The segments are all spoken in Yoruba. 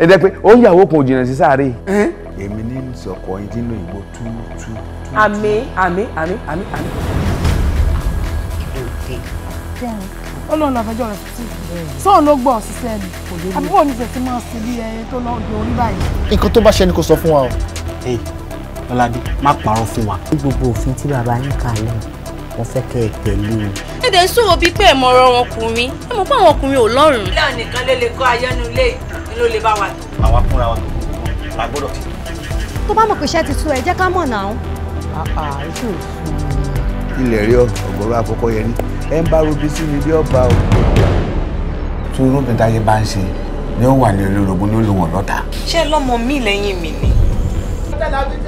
ẹ dẹ pé ó ń yàwó kan òjìnà sí sáré. èmi ní sọkọ yín nínú ìgbó túútú. àmì àmì àmì àmì àmì. olóhùn lọ fẹjọ rẹ sí sóun ló gbọ́ òṣìṣẹ́ mi àbúrò ní tẹsí máa ṣe bí ẹyẹ tó lọ di orí báyìí. nǹkan tó bá ṣe ni kò sọ fún wa o. ẹ má parọ́ fún wa. gbogbo òfin tí bàbá yín kà mo fẹ́ kẹ́ ẹ pẹ̀lú. èdè sùnwó bíi pé ẹ mọ ọ̀rọ̀ ọkùnrin ẹ mọ̀ pé àwọn ọkùnrin ò lọ́rùn. ilé ọ̀nìkan ló lè kọ́ ayọ́nulé ni ló lè bá wa tó. àwa fúnra wa la gbọ́dọ̀ ti. tó bá mọ̀ pé iṣẹ́ ti tú ẹ jẹ́ ká mọ̀ náà. ilẹ̀ rí ọ̀gọ̀rọ̀ àkọ́kọ́ yẹn ni ẹ ń bá rúbi sí mi bí ọba o. tó irúgbìn táyé bá ń ṣe ni ó wà ní olórogún ní olùwọ̀n lọ́ta. ṣé lọ́mọ mi lẹ́yìn mi ni. ọ̀gá ìdájí tí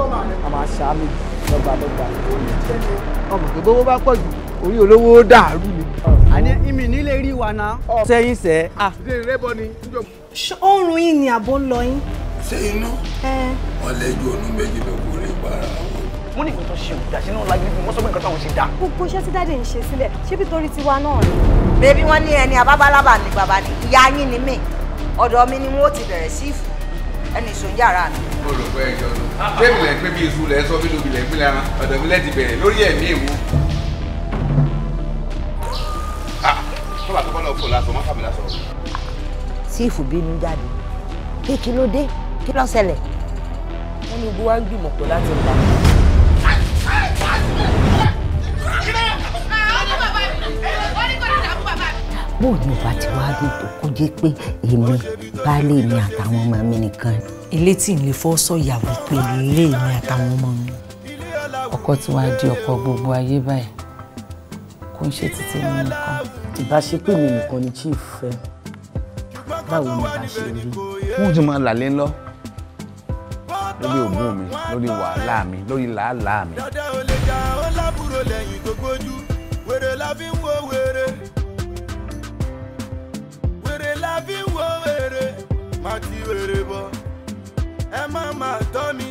ẹ ní dọ́gbadọ́gba. ọmọ pé bówó bá pọ̀ jù orí olówó dàrú ni. àní ìmì nílé rí wa náà. sẹ́yìn sẹ́. ṣe rẹ́bọ ni. oorun yìí ni àbó lọ yín. ṣé iná wọn lẹ́jọ́ ọdún méjì ló kó lè para wọn. mo ní nǹkan tó ṣe òkúta sínú lágbègbè bí wọ́n sọ pé nǹkan táwọn ṣe dá. gbogbo iṣẹ́ tí dáadé ń ṣe sílẹ̀ ṣé bí torí tiwa náà ni. bébí wọn ní ẹni àbábálábà ni bàbá ni ìyá yín ni mí ọ̀dọ̀ mi ni wọ́n ti bẹ̀rẹ̀ sí ìfún ẹni ìṣó ń yàrá mi. mo rò pé ẹjọ́ ló pé mi lẹ pé bí iṣu lẹ sọ bílù mi lẹ pínlẹ ara ọ̀dọ̀ mi lẹti bẹ̀rẹ̀ lórí ẹ̀mí èwo. tọ́ba tó bá lọ fò lásán mọ́tàbí lásán. sífù bínú jáde kí kí ló dé kí ló ṣẹlẹ̀. wọ́n ní gbogbo wa ń gbìmọ̀ pọ̀ láti ń dá. bóun ni ìbá ti wá rí tó kó jẹ́ pé èmi baálé mi àtàwọn ọmọ mi nìkan. ilé tí n lè fọ́ sọ̀yà wípé ilé mi àtàwọn ọmọ mi. ọkọ tí wàá di ọkọ gbogbo ayé báyìí kò ń ṣe títí mi nìkan. ìbáṣepọ̀ mi nìkan ni chief fẹ́ báwo ni ìbá ṣe rí. wọ́n ti máa làlé lọ lórí ògùn mi lórí wàhálà mi lórí làálàá mi. dada olè ja ó lábúrò lẹ́yìn gbogbo ojú. wèrè bọ̀ ẹ má má tọ́ mi.